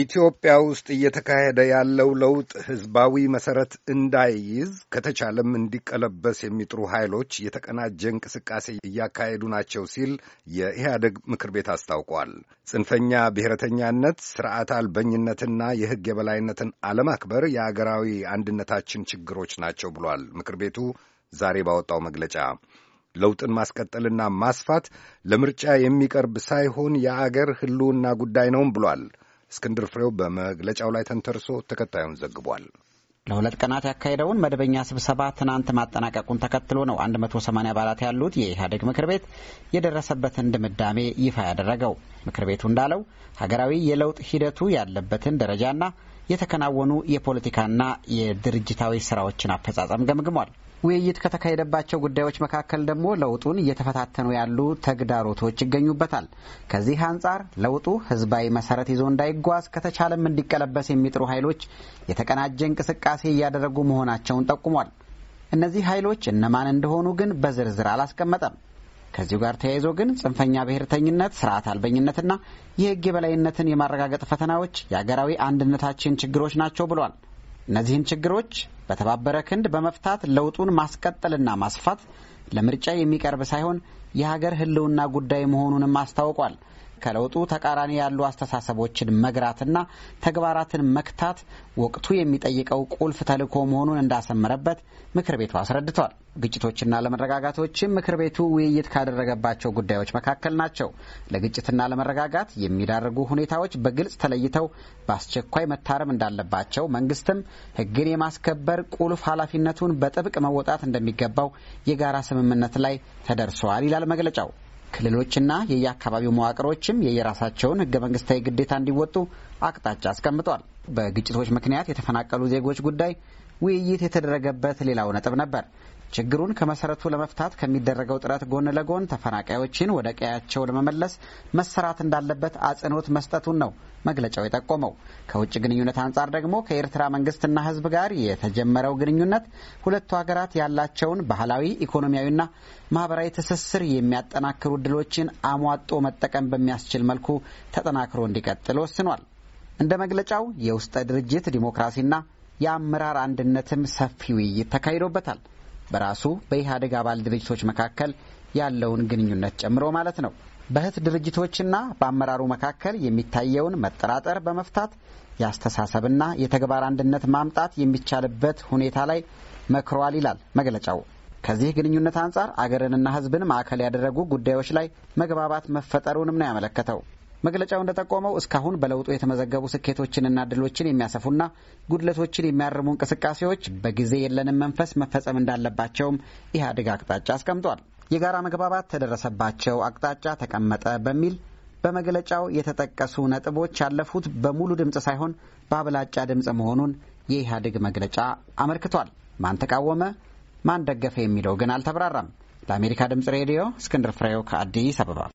ኢትዮጵያ ውስጥ እየተካሄደ ያለው ለውጥ ህዝባዊ መሰረት እንዳይይዝ ከተቻለም እንዲቀለበስ የሚጥሩ ኃይሎች የተቀናጀ እንቅስቃሴ እያካሄዱ ናቸው ሲል የኢህአደግ ምክር ቤት አስታውቋል። ጽንፈኛ ብሔረተኛነት፣ ስርዓት አልበኝነትና የህግ የበላይነትን አለማክበር የአገራዊ አንድነታችን ችግሮች ናቸው ብሏል። ምክር ቤቱ ዛሬ ባወጣው መግለጫ ለውጥን ማስቀጠልና ማስፋት ለምርጫ የሚቀርብ ሳይሆን የአገር ህልውና ጉዳይ ነውም ብሏል። እስክንድር ፍሬው በመግለጫው ላይ ተንተርሶ ተከታዩን ዘግቧል። ለሁለት ቀናት ያካሄደውን መደበኛ ስብሰባ ትናንት ማጠናቀቁን ተከትሎ ነው 180 አባላት ያሉት የኢህአዴግ ምክር ቤት የደረሰበትን ድምዳሜ ይፋ ያደረገው። ምክር ቤቱ እንዳለው ሀገራዊ የለውጥ ሂደቱ ያለበትን ደረጃና የተከናወኑ የፖለቲካና የድርጅታዊ ስራዎችን አፈጻጸም ገምግሟል። ውይይት ከተካሄደባቸው ጉዳዮች መካከል ደግሞ ለውጡን እየተፈታተኑ ያሉ ተግዳሮቶች ይገኙበታል። ከዚህ አንጻር ለውጡ ህዝባዊ መሰረት ይዞ እንዳይጓዝ ከተቻለም እንዲቀለበስ የሚጥሩ ኃይሎች የተቀናጀ እንቅስቃሴ እያደረጉ መሆናቸውን ጠቁሟል። እነዚህ ኃይሎች እነማን እንደሆኑ ግን በዝርዝር አላስቀመጠም። ከዚሁ ጋር ተያይዞ ግን ጽንፈኛ ብሔርተኝነት፣ ስርዓት አልበኝነትና የህግ የበላይነትን የማረጋገጥ ፈተናዎች የአገራዊ አንድነታችን ችግሮች ናቸው ብሏል። እነዚህን ችግሮች በተባበረ ክንድ በመፍታት ለውጡን ማስቀጠልና ማስፋት ለምርጫ የሚቀርብ ሳይሆን የሀገር ሕልውና ጉዳይ መሆኑንም አስታውቋል። ከለውጡ ተቃራኒ ያሉ አስተሳሰቦችን መግራትና ተግባራትን መክታት ወቅቱ የሚጠይቀው ቁልፍ ተልኮ መሆኑን እንዳሰመረበት ምክር ቤቱ አስረድቷል። ግጭቶችና አለመረጋጋቶችም ምክር ቤቱ ውይይት ካደረገባቸው ጉዳዮች መካከል ናቸው። ለግጭትና ለመረጋጋት የሚዳርጉ ሁኔታዎች በግልጽ ተለይተው በአስቸኳይ መታረም እንዳለባቸው፣ መንግስትም ሕግን የማስከበር ቁልፍ ኃላፊነቱን በጥብቅ መወጣት እንደሚገባው የጋራ ስምምነት ላይ ተደርሷል ይላል መግለጫው። ክልሎችና የየአካባቢው መዋቅሮችም የየራሳቸውን ህገ መንግስታዊ ግዴታ እንዲወጡ አቅጣጫ አስቀምጧል። በግጭቶች ምክንያት የተፈናቀሉ ዜጎች ጉዳይ ውይይት የተደረገበት ሌላው ነጥብ ነበር። ችግሩን ከመሰረቱ ለመፍታት ከሚደረገው ጥረት ጎን ለጎን ተፈናቃዮችን ወደ ቀያቸው ለመመለስ መሰራት እንዳለበት አጽንኦት መስጠቱን ነው መግለጫው የጠቆመው። ከውጭ ግንኙነት አንጻር ደግሞ ከኤርትራ መንግስትና ህዝብ ጋር የተጀመረው ግንኙነት ሁለቱ ሀገራት ያላቸውን ባህላዊ፣ ኢኮኖሚያዊና ማህበራዊ ትስስር የሚያጠናክሩ እድሎችን አሟጦ መጠቀም በሚያስችል መልኩ ተጠናክሮ እንዲቀጥል ወስኗል። እንደ መግለጫው የውስጠ ድርጅት ዲሞክራሲና የአመራር አንድነትም ሰፊ ውይይት ተካሂዶበታል። በራሱ በኢህአዴግ አባል ድርጅቶች መካከል ያለውን ግንኙነት ጨምሮ ማለት ነው። በህት ድርጅቶችና በአመራሩ መካከል የሚታየውን መጠራጠር በመፍታት የአስተሳሰብና የተግባር አንድነት ማምጣት የሚቻልበት ሁኔታ ላይ መክሯል ይላል መግለጫው። ከዚህ ግንኙነት አንጻር አገርንና ህዝብን ማዕከል ያደረጉ ጉዳዮች ላይ መግባባት መፈጠሩንም ነው ያመለከተው። መግለጫው እንደጠቆመው እስካሁን በለውጡ የተመዘገቡ ስኬቶችንና ድሎችን የሚያሰፉና ጉድለቶችን የሚያርሙ እንቅስቃሴዎች በጊዜ የለንም መንፈስ መፈጸም እንዳለባቸውም ኢህአዴግ አቅጣጫ አስቀምጧል። የጋራ መግባባት ተደረሰባቸው፣ አቅጣጫ ተቀመጠ በሚል በመግለጫው የተጠቀሱ ነጥቦች ያለፉት በሙሉ ድምፅ ሳይሆን በአብላጫ ድምፅ መሆኑን የኢህአዴግ መግለጫ አመልክቷል። ማን ተቃወመ፣ ማን ደገፈ የሚለው ግን አልተብራራም። ለአሜሪካ ድምፅ ሬዲዮ እስክንድር ፍሬው ከአዲስ አበባ